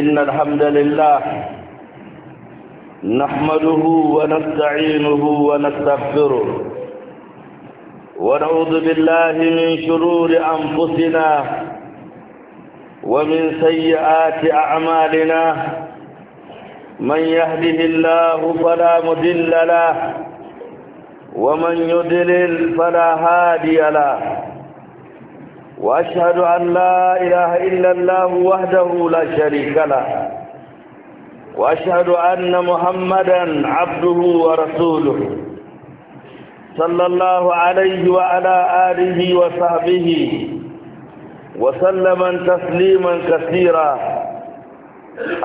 إن الحمد لله نحمده ونستعينه ونستغفره ونعوذ بالله من شرور أنفسنا ومن سيئات أعمالنا من يهده الله فلا مدل له ومن يدلل فلا هادي له وأشهد أن لا إله إلا الله وحده لا شريك له وأشهد أن محمدا عبده ورسوله صلى الله عليه وعلى آله وصحبه وسلم تسليما كثيرا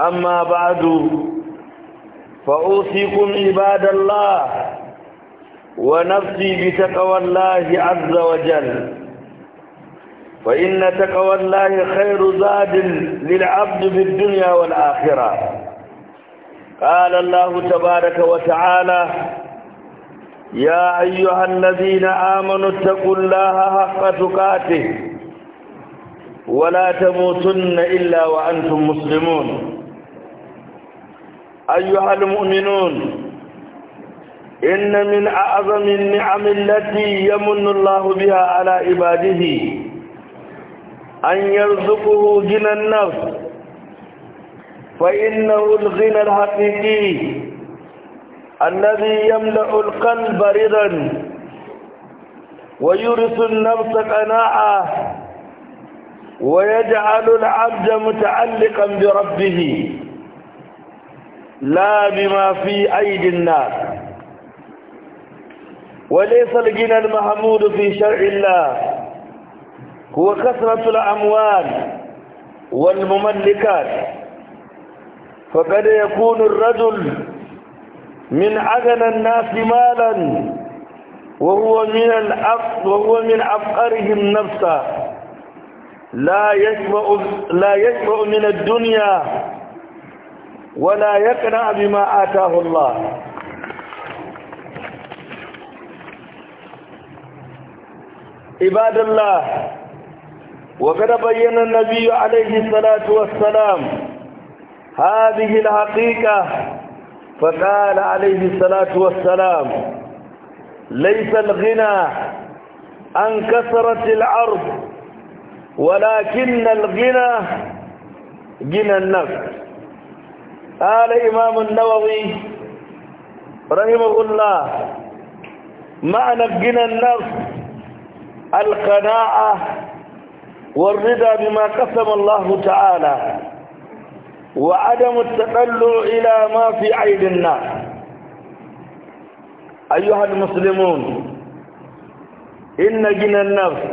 أما بعد فأوصيكم عباد الله ونفسي بتقوى الله عز وجل فإن تقوى الله خير زاد للعبد في الدنيا والآخرة قال الله تبارك وتعالى يا أيها الذين آمنوا اتقوا الله حق تقاته ولا تموتن إلا وأنتم مسلمون أيها المؤمنون إن من أعظم النعم التي يمن الله بها على عباده أن يرزقه جنى النفس فإنه الغنى الحقيقي الذي يملأ القلب رضا ويرث النفس قناعة ويجعل العبد متعلقا بربه لا بما في أيدي الناس وليس الجنى المحمود في شرع الله هو كثرة الأموال والمملكات فقد يكون الرجل من أغنى الناس مالا وهو من الأف وهو من أفقرهم نفسا لا يشبع لا يشبع من الدنيا ولا يقنع بما آتاه الله عباد الله وقد بين النبي عليه الصلاة والسلام هذه الحقيقة فقال عليه الصلاة والسلام ليس الغنى عن كثرة العرض ولكن الغنى غنى النفس قال إمام النووي رحمه الله معنى غنى النفس القناعة والرضا بما قسم الله تعالى وعدم التقلع إلى ما في عيد الناس أيها المسلمون إن جن النفس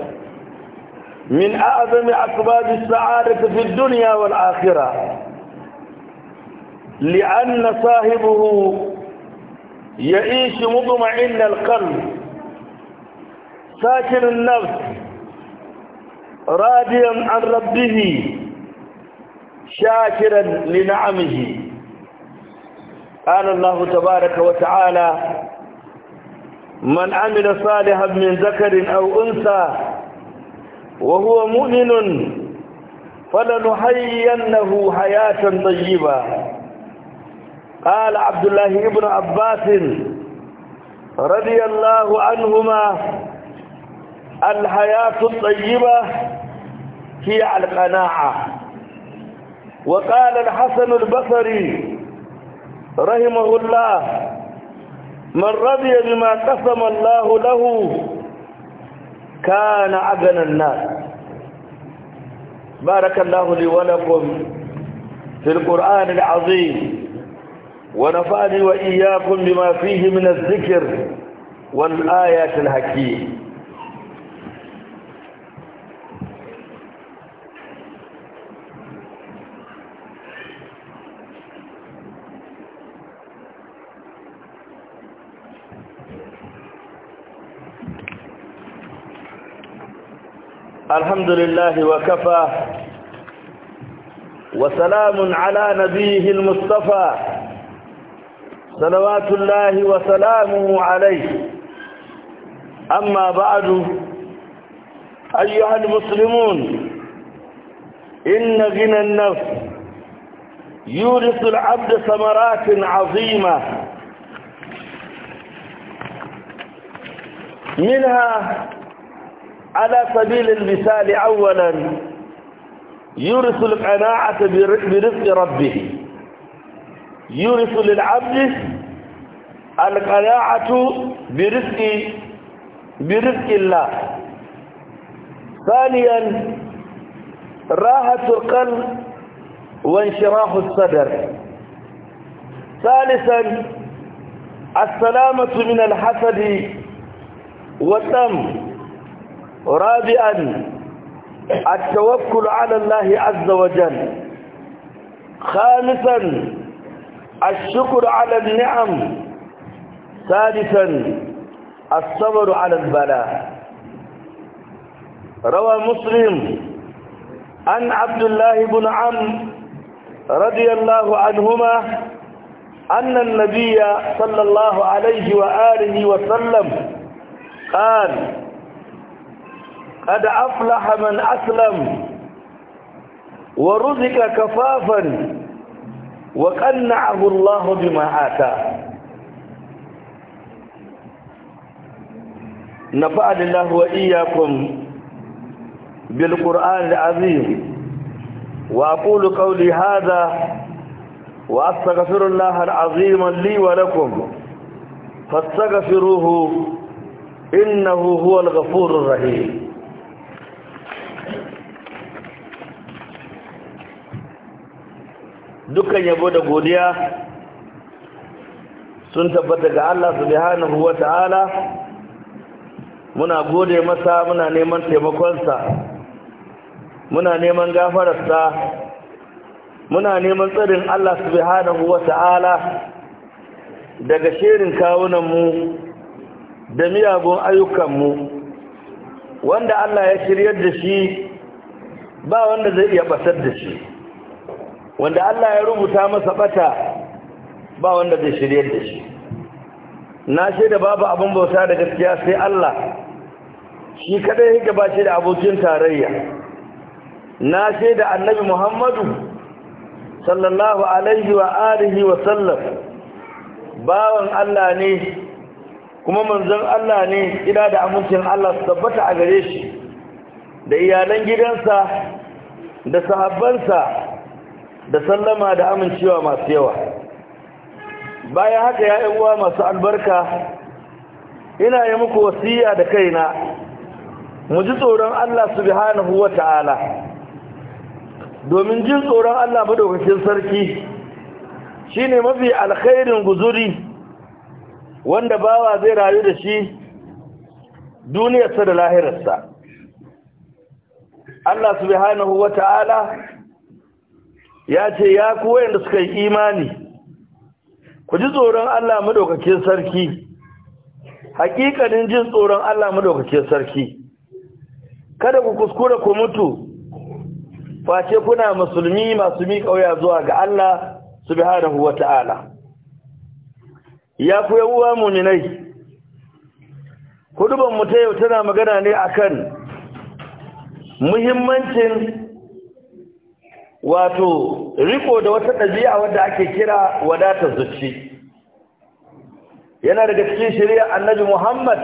من أعظم أسباب السعادة في الدنيا والآخرة لأن صاحبه يعيش مطمئن القلب ساكن النفس راضيا عن ربه شاكرا لنعمه قال الله تبارك وتعالى من عمل صالحا من ذكر أو أنثى وهو مؤمن فلنحيينه حياة طيبة قال عبد الله بن عباس رضي الله عنهما الحياة الطيبة هي القناعة وقال الحسن البصري رحمه الله من رضي بما قسم الله له كان أغنى الناس بارك الله لي ولكم في القرآن العظيم ونفعني وإياكم بما فيه من الذكر والآيات الحكيم الحمد لله وكفى وسلام على نبيه المصطفى صلوات الله وسلامه عليه أما بعد أيها المسلمون إن غنى النفس يورث العبد ثمرات عظيمة منها على سبيل المثال أولا يورث القناعة برزق ربه يورث للعبد القناعة برزق برزق الله ثانيا راحة القلب وانشراح الصدر ثالثا السلامة من الحسد والذنب رابعا التوكل على الله عز وجل خامسا الشكر على النعم ثالثا الصبر على البلاء روى مسلم عن عبد الله بن عم رضي الله عنهما أن النبي صلى الله عليه وآله وسلم قال قد أفلح من أسلم ورزق كفافا وقنعه الله بما آتاه نفعني الله وإياكم بالقرآن العظيم وأقول قولي هذا وأستغفر الله العظيم لي ولكم فاستغفروه إنه هو الغفور الرحيم dukkan yabo da godiya sun tabbata ga Allah subhanahu wa ta'ala muna gode masa muna neman taimakonsa muna neman gafararsa muna neman tsarin Allah subhanahu wa ta'ala daga shirin kawunanmu da miyagun ayyukan mu wanda Allah ya shiryar da shi ba wanda zai iya batar da shi wanda Allah ya rubuta masa bata ba wanda zai shirye da shi na da babu abin bauta da gaskiya sai Allah shi kadai yake ba shi da abokin tarayya na da annabi Muhammadu sallallahu alaihi wa alihi wa sallam bawan Allah ne kuma manzon Allah ne ida da amincin Allah su tabbata a gare shi da iyalan gidansa da sahabbansa da sallama da amincewa masu yawa bayan haka ya uwa masu albarka ina yi muku wasiya da kaina mu ji tsoron Allah subhanahu wa ta'ala domin jin tsoron Allah madaukakin sarki shine mafi alkhairin guzuri wanda bawa zai rayu da shi duniyarsa da lahirarsa Allah subhanahu wa ta'ala ya ce ya kuwa yadda suka yi imani ku ji tsoron Allah madaukakin sarki hakikanin jin tsoron Allah madaukakin sarki kada ku kuskura ku mutu face kuna musulmi masu miƙa waya zuwa ga Allah Su subhanahu wata'ala ya ku yawuwa muminai hudubar mu ta yau tana magana ne akan muhimmancin wato riko da wata ɗabi'a wadda ake kira wadatar zuci yana daga cikin shari'a annabi Muhammad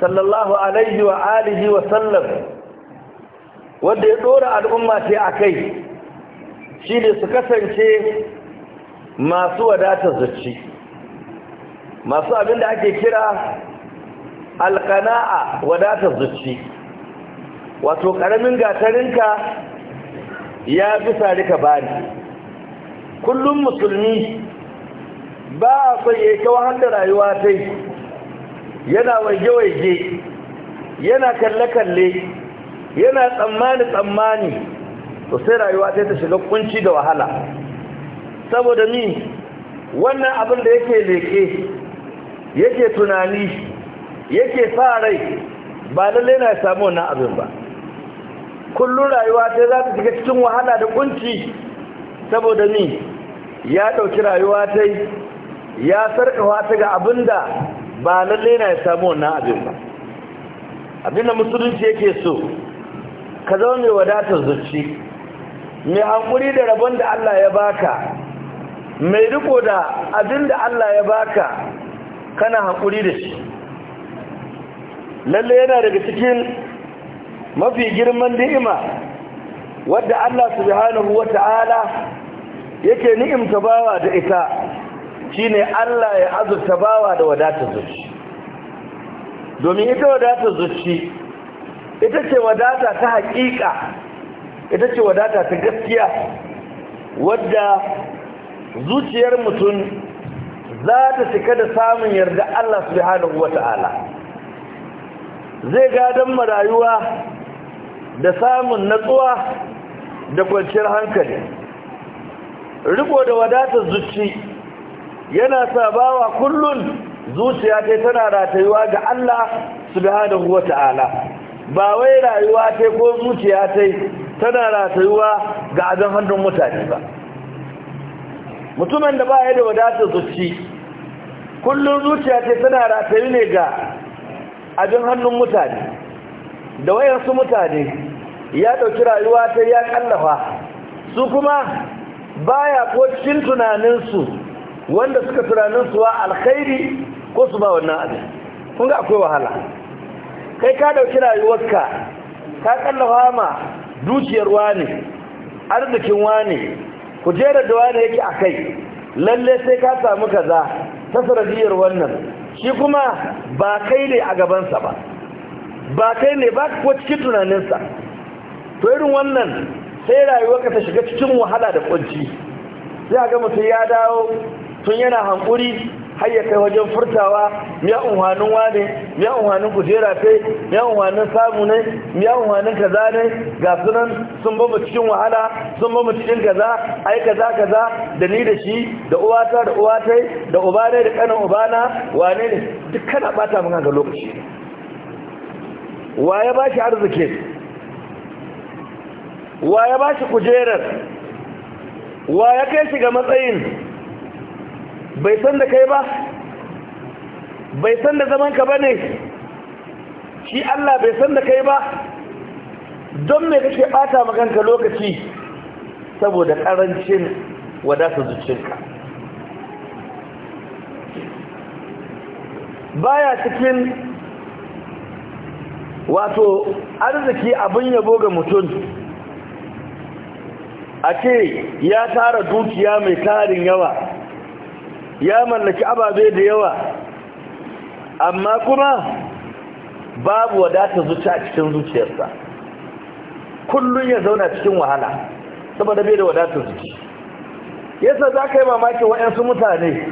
sallallahu alaihi wa alihi wa sallam wadda ya ɗora al'umma ce a kai, shi ne su kasance masu wadatar zuci masu abin da ake kira alƙana'a wadatar zuci wato ƙaramin gatarinka ya fi sari ka bari kullum musulmi ba a son ya rayuwa ta yi yana waje-waje yana kalle-kalle yana tsammani-tsammani to sai rayuwa ta ta shiga kunci da wahala saboda ni wannan abin da yake leke yake tunani yake sa rai ba lallai na samu wannan abin ba kullum rayuwa ta za ta shiga cikin wahala da kunci saboda ni ya ɗauki rayuwa ta ya sarkawa ta ga abin da ba lalle na ya samu wannan abin ba abin da musulunci yake so ka zama mai wadatar zuci mai hankuri da rabon da Allah ya baka mai riko da abin da Allah ya baka kana hankuri da shi lalle yana daga cikin mafi girman ni'ima wadda Allah subhanahu ta'ala yake ni'imta bawa da ita shine Allah ya azurta bawa da wadatar zuci domin ita wadatar zuci ita ce wadata ta haƙiƙa ita ce wadata ta gaskiya wadda zuciyar mutum za ta cika da samun yarda Allah subhanahu ta'ala zai gadon marayuwa da samun natsuwa da kwanciyar hankali riko da wadatar zuci yana sa bawa kullun zuciya ta tana ratayuwa ga Allah subhanahu wata'ala ba wai rayuwa ta ko zuciya ta tana ratayuwa ga azan hannun mutane ba mutumin da ba ya da wadatar zuci kullun zuciya ta tana ratayu ne ga abin hannun mutane da su mutane ya ɗauki rayuwa ta ya kallafa su kuma baya ko cikin su wanda suka tunanin su wa alkhairi ko su ba wannan abin kun ga akwai wahala kai ka ɗauki rayuwar ka kallafa ma dukiyar wani arzikin wani kujerar da wani yake a kai lalle sai ka samu kaza ta sanadiyar wannan shi kuma ba kai ne a gabansa ba ba kai ne ba kuwa cikin tunaninsa to irin wannan sai rayuwa ka ta shiga cikin wahala da kunci sai a gama sai ya dawo tun yana hankuri har ya kai wajen furtawa miya unhanin wane miya unhanin kujera ce miya unhanin samu ne miya unhanin kaza ne ga sunan sun bamu cikin wahala sun bamu cikin kaza ai kaza kaza da ni da shi da uwata da uwatai da uba ne da kanin ubana wane ne duk kana bata mun ga lokaci waye ba shi arzikin waye ba shi kujerar waye kai shi ga matsayin bai san da kai ba bai san da zamanka ba ne shi Allah bai san da kai ba don me kake bata kanka lokaci saboda karancin wadata zuciyarka baya cikin wato arziki abin yabo ga mutum a ce ya tara dukiya mai tarin yawa ya mallaki ababe da yawa amma kuma babu wadata zuci a cikin zuciyarsa kullum ya zauna cikin wahala saboda bai da wadata zuci yasa za ka yi mamakin waɗansu mutane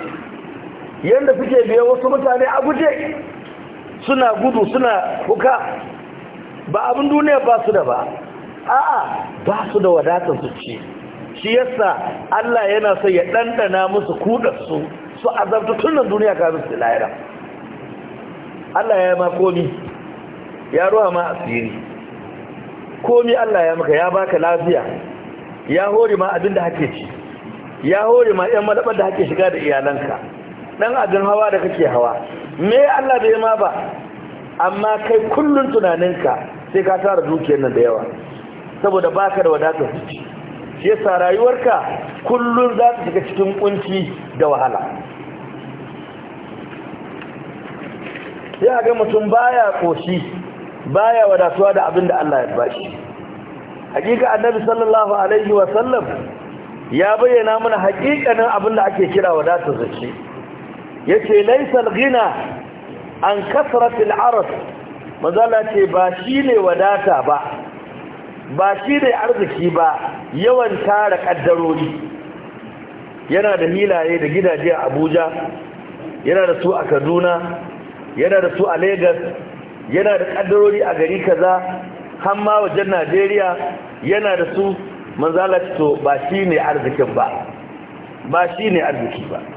yadda suke biya wasu mutane a guje suna gudu suna kuka ba abin duniya ba su da ba a'a ba su da wadatar su ce shi yasa Allah yana so ya ɗanɗana musu kudarsu su azabta tunan duniya kafin su lahira Allah ya yi ma komi ya ruwa ma asiri komi Allah ya maka ya baka lafiya ya hore ma abin da hake ci ya hore ma 'yan malabar da hake shiga da iyalanka ɗan abin hawa da kake hawa me Allah bai ma ba amma kai kullun tunaninka sai ka tara dukiyar nan da yawa saboda baka da wadatar zuci shi yasa rayuwarka kullun za ta shiga cikin kunci da wahala sai a ga mutum baya koshi baya wadatuwa da abin da Allah ya bashi hakika annabi sallallahu alaihi wa ya bayyana mana hakikanin abin da ake kira wadatar zuci yace laysal gina an kasratil arf mazala ce ba shi ne wadata ba ba shi ne arziki ba yawan tara kaddarori yana da milaye da gidaje a Abuja yana da su a Kaduna yana da su a Lagos yana da kaddarori a gari kaza har ma wajen Najeriya yana da su manzala to ba ne arzikin ba ba ne arziki ba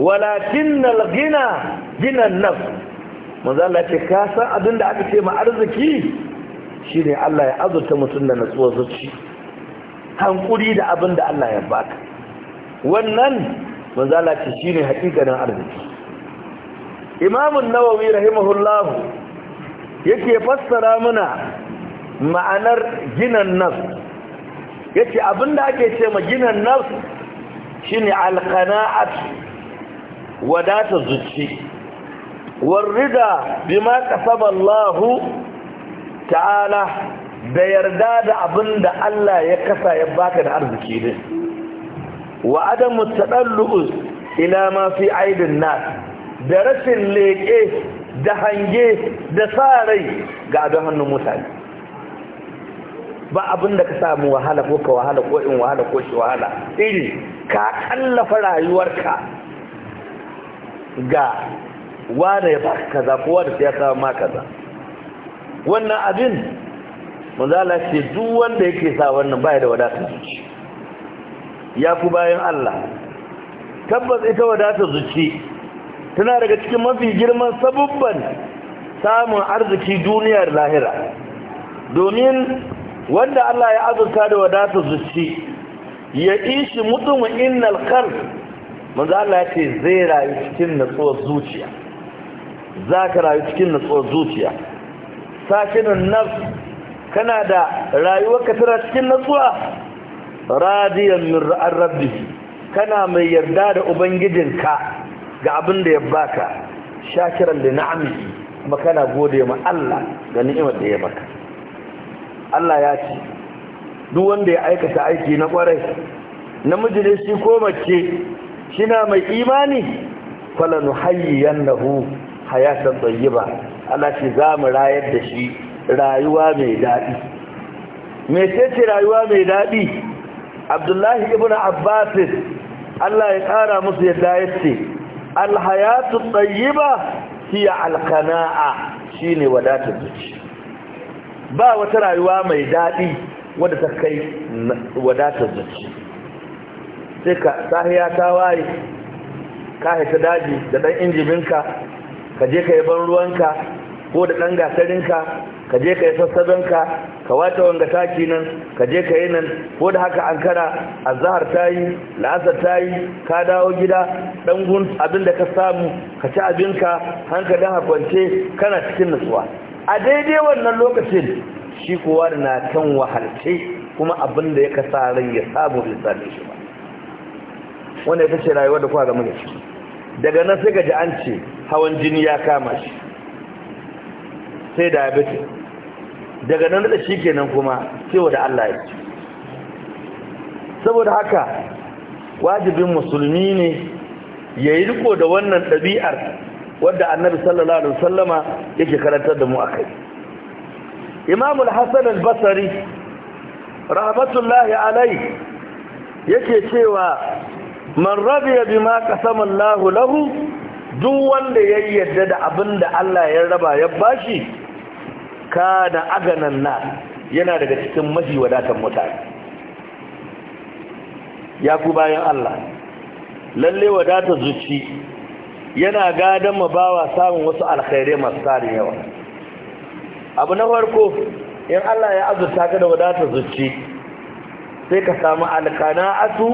walakin gina ginan naf manzo Allah ce ka san abin da aka ce ma arziki shi ne Allah ya azurta mutum da natsuwar zuci hankuri da abin da Allah ya baka wannan manzo Allah ce shine hakikanin arziki Imam an-Nawawi rahimahullah yake fassara mana ma'anar ginan naf yace abin da ake ce ma ginan naf shine al-qana'atu wadata zuci warrida bima kasaba Allah ta'ala da yarda da abinda Allah ya kasa ya baka da arziki din wa adamu tadallu ila ma fi aidin nas da rashin leke da hange da sa rai ga adon hannun mutane ba abin da ka samu wahala ko ka wahala ko in wahala ko shi wahala iri ka kallafa rayuwarka ga wane ya baka kaza ko wanda ya sa ma kaza wannan abin manzala ce duk wanda yake sa wannan baya da wadatar zuci ya ku bayan Allah tabbas ita wadatar zuci tana daga cikin mafi girman sabubban samun arziki duniyar lahira domin wanda Allah ya azurta da wadatar zuci ya ishi mutum innal kar. manzo Allah ya ce zai rayu cikin natsuwar zuciya za ka rayu cikin natsuwar zuciya sakinin nafs kana da rayuwar ka tana cikin natsuwa radiyan min rabbi kana mai yarda da ubangijinka ga abin da ya baka shakiran da na'ami kuma kana gode ma Allah ga ni'imar da ya baka Allah ya ce duk wanda ya aikata aiki na kwarai namiji ne shi ko mace shina mai imani falanu nahu, hayatan tayyiba Allah shi za mu rayar da shi rayuwa mai daɗi me ce rayuwa mai daɗi Abdullahi ibn Abbas Allah ya ƙara musu yadda yace alhayatu tayyiba hiya alkana'a, shine wadatar zuci ba wata rayuwa mai daɗi wadda ta kai wadatar zuci sai ka sahiya ta waye ka haita daji da ɗan injibinka ka je ka yi ban ruwanka ko da ɗan gasarinka ka je ka yi sassabinka ka wata wanga taki nan ka je ka yi nan ko da haka an kara azahar ta yi la'asar ta yi ka dawo gida gun abin da ka samu ka ci abinka hankalin hakwance kana cikin nutsuwa a daidai wannan lokacin shi kowa na kan wahalce kuma abin da ya kasa rai ya samu bai same shi ba wanda ita ce rayuwar da kuwa ga mulki daga nan sai gaji an ce hawan jini ya kama shi sai diabetes daga nan da shi kenan kuma cewa da Allah ya ce saboda haka wajibin musulmi ne ya yi riko da wannan ɗabi'ar wadda annabi sallallahu alaihi wasallama yake karantar da mu akai imamul hasan al-basri rahmatullahi alai yake cewa man radiya ma qasama Allahu lahu duk wanda ya yarda da abinda Allah ya raba ya bashi kana aganan na yana daga cikin mafi wadatar mutane ya ku bayan Allah lalle wadatar zuci yana gadan mu bawa samun wasu alkhairai masu tarin yawa abu na farko in Allah ya azurta ka da wadatar zuci sai ka samu alkana'atu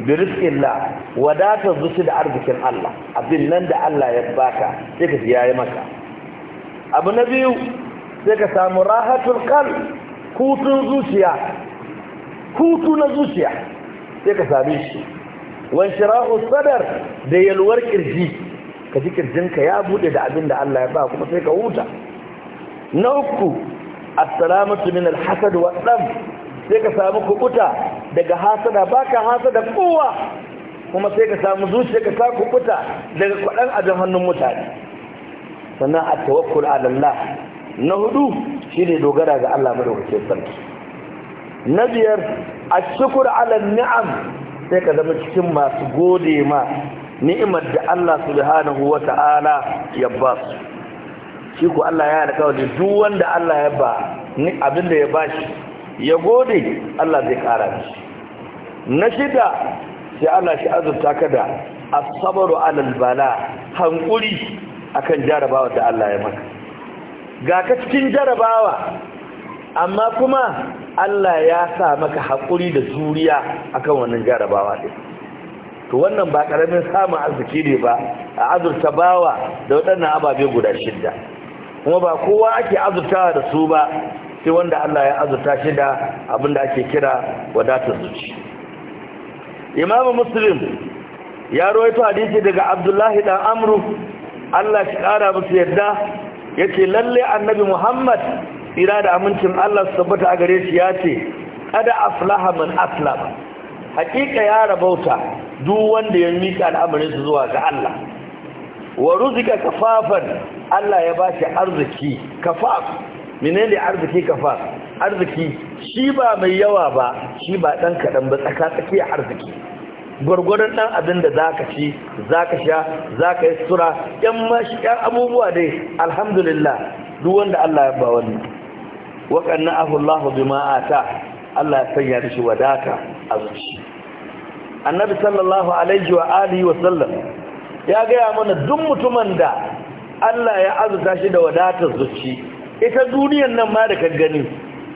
bi rizqillah wadata zuci da arzikin Allah abin nan da Allah ya baka sai ka yayi maka abu na biyu sai ka samu rahatul qalb hutun zuciya hutu na zuciya sai ka same shi wanshirahu sadar da yalwar kirji ka ji kirjinka ya bude da abin da Allah ya ba kuma sai ka huta na uku assalamatu min alhasad wa dam sai ka samu kubuta daga hasada baka hasada kowa kuma sai ka samu zuciya ka sa kubuta daga kwaɗan abin hannun mutane sannan a tawakkul alallah na hudu shine dogara ga Allah madaukakin sarki na biyar a shukur ala ni'am sai ka zama cikin masu gode ma ni'imar da Allah subhanahu wa ta'ala ya ba su shi ku Allah ya alƙawari duk wanda Allah ya ba ni abin da ya ba shi ya gode Allah zai ƙara shi na shida sai Allah shi azurta ka da wa alal bala hankuri akan jarabawa da Allah ya maka ga ka cikin jarabawa amma kuma Allah ya sa maka haƙuri da zuriya akan wannan jarabawa ɗin to wannan ba ƙaramin samun arziki ne ba a azurta bawa da waɗannan ababe guda shidda kuma ba kowa ake azurtawa da su ba sai wanda Allah ya azurta shi da abin da ake kira wadatar zuci imamu muslim ya rawaito hadisi daga abdullahi dan amru Allah shi kara musu yadda yace lalle annabi muhammad tsira da amincin Allah su tabbata a gare shi ya ce kada aflaha man aslama hakika ya rabauta duk wanda ya mika al'amarin su zuwa ga Allah wa ruzika kafafan Allah ya bashi arziki kafaf menene arziki kafa arziki shi ba mai yawa ba shi ba dan kadan ba tsaka tsakiya arziki gwargwaron dan abin da zaka ci zaka sha zaka yi sura yan ma shi yan abubuwa dai alhamdulillah duk wanda Allah ya ba wani wa qanna Allahu bima ata Allah ya sanya da shi wadata a zuci annabi sallallahu alaihi wa alihi wa sallam ya ga mana duk mutumin da Allah ya azuta shi da wadatar zuci ita duniyan nan ma da ka gani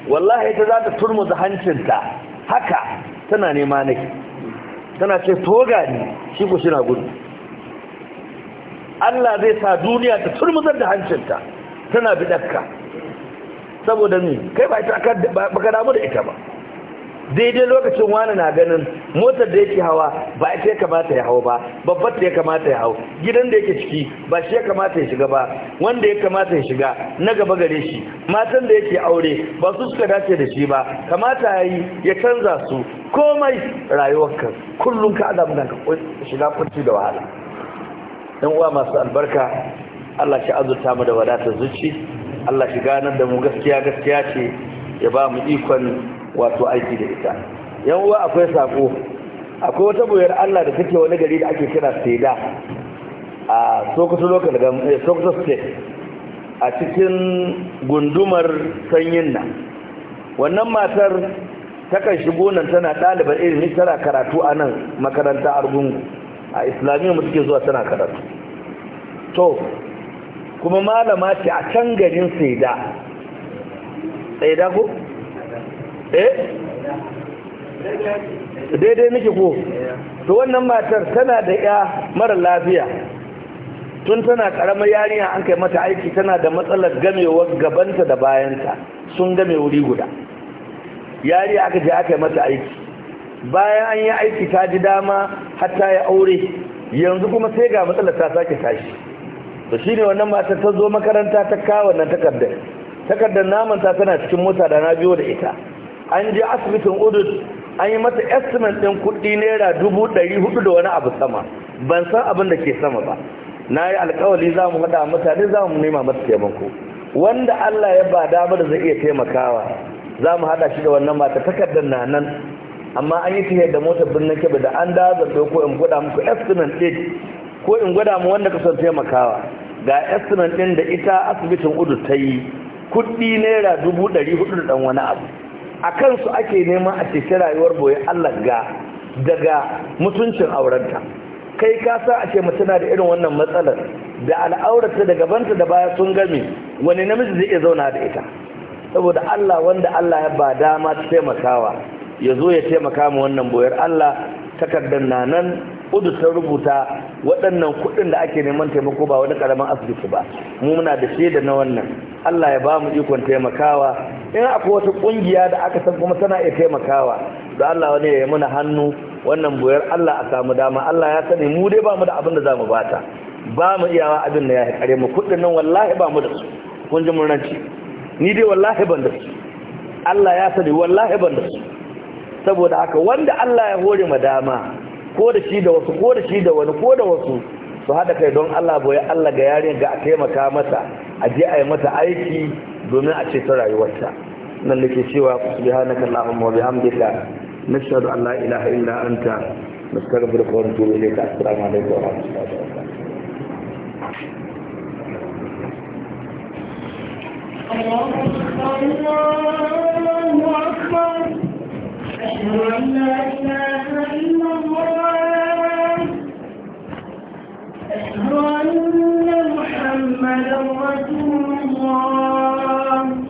wallahi ita za ta turmu da hancinta haka tana nema nake tana ce toga ne shi ku shina gudu Allah zai sa duniya ta turmu da hancinta tana bidakka saboda ne kai ba ka damu da ita ba daidai lokacin wani na ganin motar da yake hawa ba ita ya kamata ya hau ba babbar da ya kamata ya hau gidan da yake ciki ba shi ya kamata ya shiga ba wanda ya kamata ya shiga na gaba gare shi matan da yake aure ba su suka dace da shi ba kamata ya yi ya canza su komai rayuwarka kullum ka adam ka shiga kunci da wahala Ɗan uwa masu albarka Allah shi azurta mu da wadatar zuci Allah shi ganar da mu gaskiya gaskiya ce ya ba mu ikon wato aiki da ita yan uwa akwai sako akwai wata buyar Allah da take wani gari da ake kira Seda a Sokoto local government eh, Sokoto state a cikin gundumar sanyin nan wannan matar takan shigo nan tana ɗalibar ilimi tana karatu a nan makaranta argungu a islamiyya mu suke zuwa tana karatu to kuma malama ce a can garin Seda Seda ko eh daidai miki ko to wannan matar tana da ya mara lafiya tun tana karamar yarinya an kai mata aiki tana da matsalar gamewar gabanta da bayanta sun game wuri guda yari aka je aka yi mata aiki bayan an yi aiki ta ji dama hatta ya aure yanzu kuma sai ga matsalar ta sake tashi to shine wannan matar ta zo makaranta ta kawo wannan takardar takardar naman ta tana cikin mota da na biyo da ita an je asibitin udud an yi mata estimate ɗin kuɗi naira dubu ɗari hudu da wani abu sama ban san abin da ke sama ba na yi alkawali za mu haɗa mutane za mu nema mata taimako wanda allah ya ba dama da zai iya taimakawa za mu haɗa shi da wannan mata takardar na nan amma an yi tihe da motar birnin kebe da an da ko in gwada muku estimate ɗin ko in gwada mu wanda ka son taimakawa ga estimate ɗin da ita asibitin udu ta yi kuɗi naira dubu ɗari hudu da ɗan wani abu a kansu ake nema a ceci rayuwar boye Allah ga daga mutuncin aurenta kai ka sa a ce mace na da irin wannan matsalar da al'aurata da gabanta da baya sun gami, wani namiji zai iya zauna da ita saboda Allah wanda Allah ya ba dama ta taimakawa ya zo ya taimaka mu wannan boyar Allah takardar na nan udu ta rubuta waɗannan kuɗin da ake neman taimako ba wani ƙaramin asibiti ba mu muna da shaida na wannan Allah ya ba mu ikon taimakawa in akwai wata ƙungiya da aka san kuma tana iya taimakawa da Allah wani ya muna mana hannu wannan buyar Allah a samu dama Allah ya sani mu dai ba mu da abin da za mu bata ba mu iyawa abin da ya haƙare mu kuɗin nan wallahi ba mu da su kun ji murnanci ni dai wallahi ban da su Allah ya sani wallahi ban da su saboda haka wanda Allah ya hore ma dama ko da shi da wasu ko da shi da wani ko da wasu su haɗa kai don Allah boye Allah ga yarin ga a taimaka mata a je a yi mata aiki domin a ceto rayuwarta nan da ke cewa subhanaka allahumma wa bihamdika nashhadu an la ilaha illa anta nastaghfiruka wa natubu ilayka assalamu alaikum wa rahmatullahi wa barakatuh الله أكبر أشهد أن لا إله إلا الله أشهد أن محمدا رسول الله